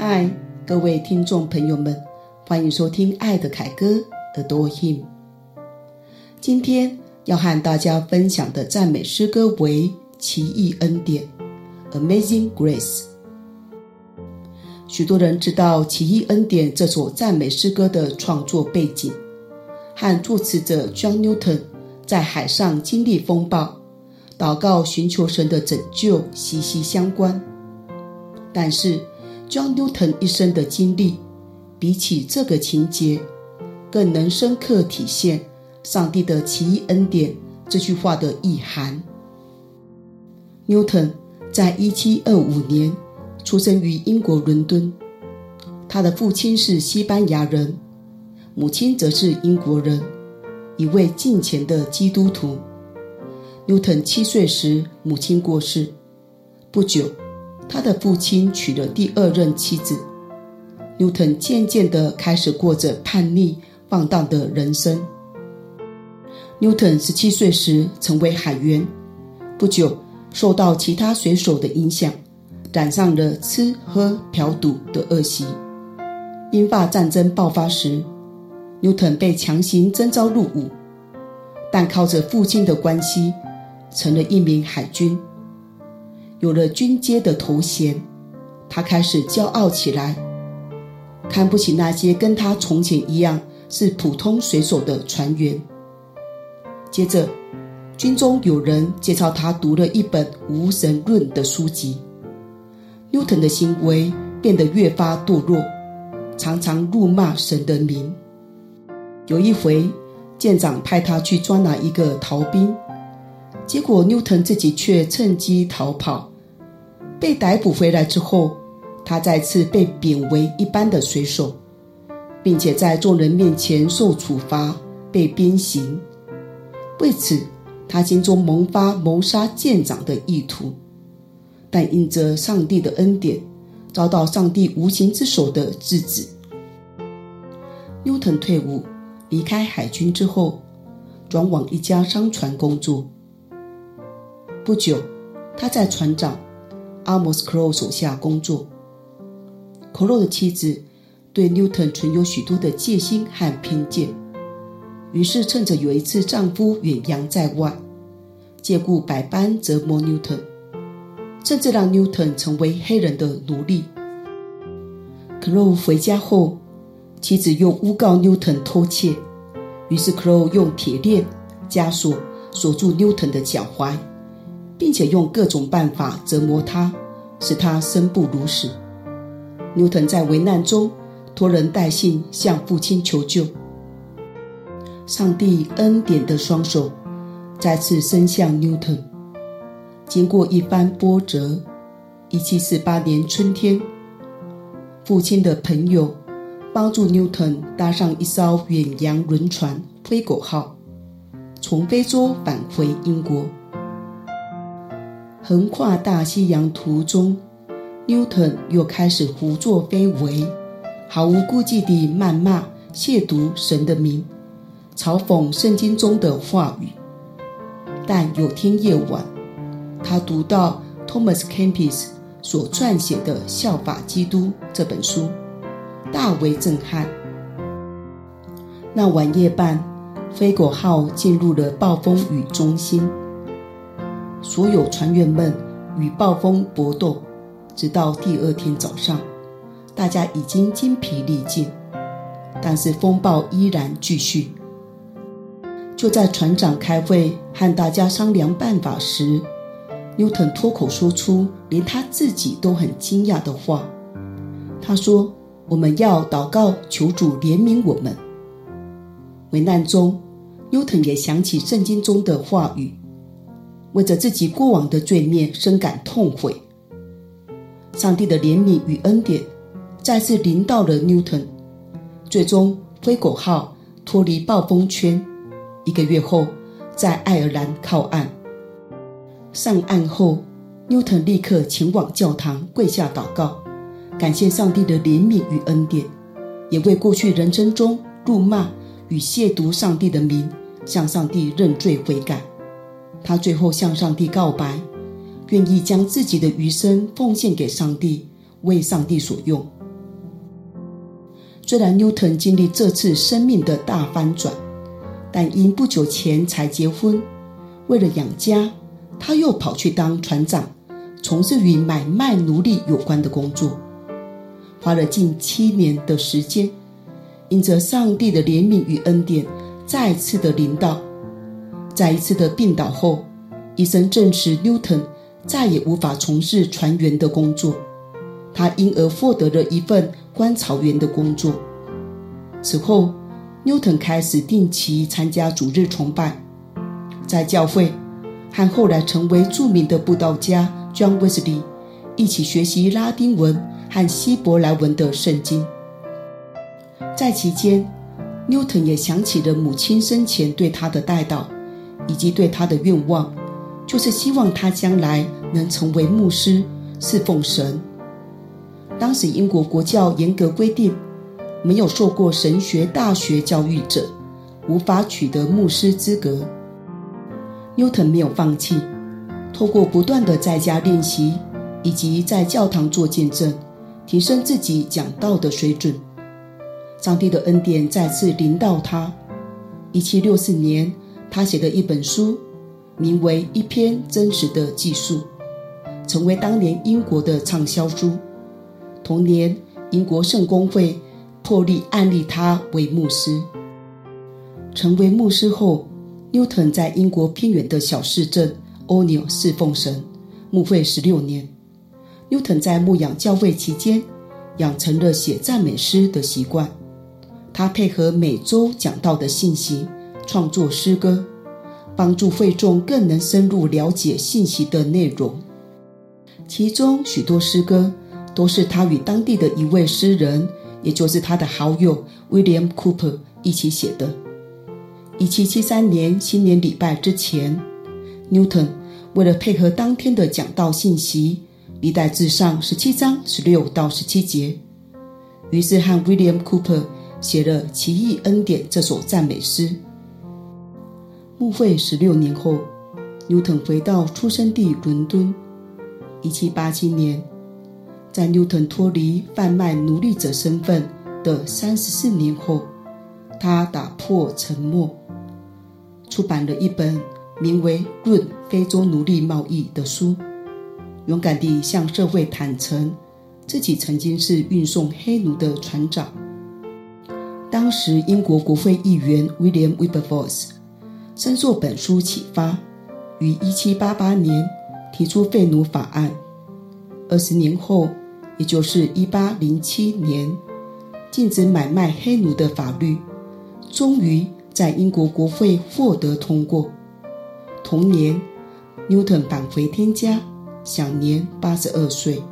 嗨，各位聽眾朋友們，歡迎收聽《愛的凱歌 a d o r Him）。今天要和大家分享的讚美詩歌為《奇異恩典》（Amazing Grace）。許多人知道《奇異恩典》這首讚美詩歌的創作背景，和作詞者 John Newton 在海上經歷風暴、禱告尋求神的拯救息息相關，但是。將 Newton 一生的經歷，比起這個情節，更能深刻體現“上帝的奇異恩典”這句話的意涵。Newton 在一七二五年出生於英國倫敦，他的父親是西班牙人，母親則是英國人，一位敬虔的基督徒。Newton 七歲時，母親過世，不久。他的父親娶了第二任妻子，Newton 漸漸地開始過着叛逆、放蕩的人生。Newton 十七歲時成為海員，不久受到其他水手的影響，染上了吃喝嫖賭的惡習。英法戰爭爆發時，Newton 被強行徵召入伍，但靠着父親的關係，成了一名海軍。有了軍階的頭銜，他開始驕傲起來，看不起那些跟他從前一樣是普通水手的船員。接着，軍中有人介紹他讀了一本無神論的書籍，牛頓的行為變得越發墮落，常常辱罵神的名。有一回，艦長派他去捉拿一個逃兵。.結果，Newton 自己卻趁機逃跑，被逮捕回來之後，他再次被貶為一般的水手，並且在眾人面前受處罰，被鞭刑。為此，他心中萌發謀殺艦長的意圖，但因着上帝的恩典，遭到上帝無形之手的制止。Newton 退伍，離開海軍之後，轉往一家商船工作。不久，他在船長阿莫斯·克洛手下工作。克洛的妻子對牛頓存有許多的戒心和偏見，於是趁着有一次丈夫遠洋在外，借故百般折磨牛頓，甚至讓牛頓成為黑人的奴隸。克洛回家後，妻子又誣告牛頓偷竊，於是克洛用鐵鏈枷鎖鎖鎖住牛頓的腳踝。並且用各種辦法折磨他，使他生不如死。Newton 在危難中託人帶信向父親求救。上帝恩典的雙手再次伸向 Newton。經過一番波折，1748年春天，父親的朋友幫助 Newton 搭上一艘遠洋輪船“灰狗號”，從非洲返回英國。橫跨大西洋途中，牛頓又開始胡作非為，毫無顧忌地謾罵、褻瀆神的名，嘲諷聖經中的話語。但有天夜晚，他讀到 Thomas Kempis 所撰寫的《效法基督》這本書，大為震撼。那晚夜半，灰狗號進入了暴風雨中心。所有船員們與暴風搏鬥，直到第二天早上，大家已經筋疲力盡，但是風暴依然繼續。就在船長開會和大家商量辦法時，牛頓脫口說出連他自己都很驚訝的話：“他說我們要禱告求主憐憫我們。”危難中，牛頓也想起聖經中的話語。為着自己過往的罪孽深感痛悔，上帝的憐憫與恩典再次臨到了 Newton，最終，灰狗號脫離暴風圈，一個月後在愛爾蘭靠岸。上岸後，牛頓立刻前往教堂跪下禱告，感謝上帝的憐憫與恩典，也為過去人生中辱罵與褻瀆上帝的名，向上帝認罪悔改。他最後向上帝告白，願意將自己的餘生奉獻給上帝，為上帝所用。雖然 Newton 經歷這次生命的大翻轉，但因不久前才結婚，為了養家，他又跑去當船長，從事與買賣奴隸有關的工作，花了近七年的時間，因着上帝的憐憫與恩典，再次的臨到。在一次的病倒後，醫生證實 Newton 再也無法從事船員的工作，他因而獲得了一份觀潮員的工作。此後，Newton 開始定期參加主日崇拜，在教會和後來成為著名的布道家 John Wesley 一起學習拉丁文和希伯來文的聖經。在期間，Newton 也想起了母親生前對他的代禱。以及對他的願望，就是希望他將來能成為牧師，侍奉神。當時英國國教嚴格規定，沒有受過神學大學教育者，無法取得牧師資格。牛頓沒有放棄，透過不斷的在家練習，以及在教堂做見證，提升自己講道的水準。上帝的恩典再次臨到他，一七六四年。他寫的一本書，名為《一篇真實的記述》，成為當年英國的暢銷書。同年，英國聖公會破例按立他為牧師。成為牧師後，Newton 在英國偏遠的小市鎮歐尼爾侍奉神，牧會十六年。Newton 在牧養教會期間，養成了寫讚美詩的習慣。他配合每週講道的信息。創作詩歌，幫助會眾更能深入了解信息的內容。其中許多詩歌都是他與當地的一位詩人，也就是他的好友 William Cowper 一起寫的。一七七三年新年禮拜之前，Newton 為了配合當天的講道信息，歷代志上十七章十六到十七節，於是和威廉·庫珀寫了《奇異恩典》這首讚美詩。牧會十六年後，牛頓回到出生地倫敦。一七八七年，在牛頓脫離販賣奴隸者身份的三十四年後，他打破沉默，出版了一本名為《論非洲奴隸貿易》的書，勇敢地向社會坦誠自己曾經是運送黑奴的船長。當時，英國國會議員威廉·威伯福斯深受本書啟發，於1788年提出廢奴法案。二十年後，也就是1807年，禁止買賣黑奴的法律終於在英國國會獲得通過。同年，牛頓返回天家，享年82歲。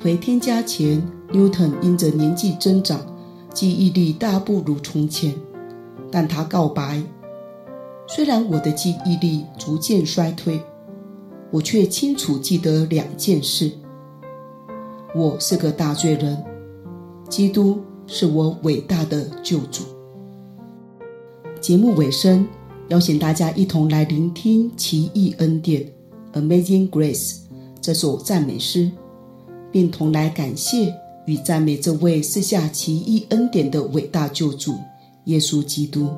回天家前，牛頓因着年紀增長，記憶力大不如從前，但他告白。雖然我的記憶力逐漸衰退，我卻清楚記得兩件事：我是個大罪人，基督是我偉大的救主。節目尾聲，邀請大家一同來聆聽奇異恩典 （Amazing Grace） 這首讚美詩，並同來感謝與讚美這位賜下奇異恩典的偉大救主耶穌基督。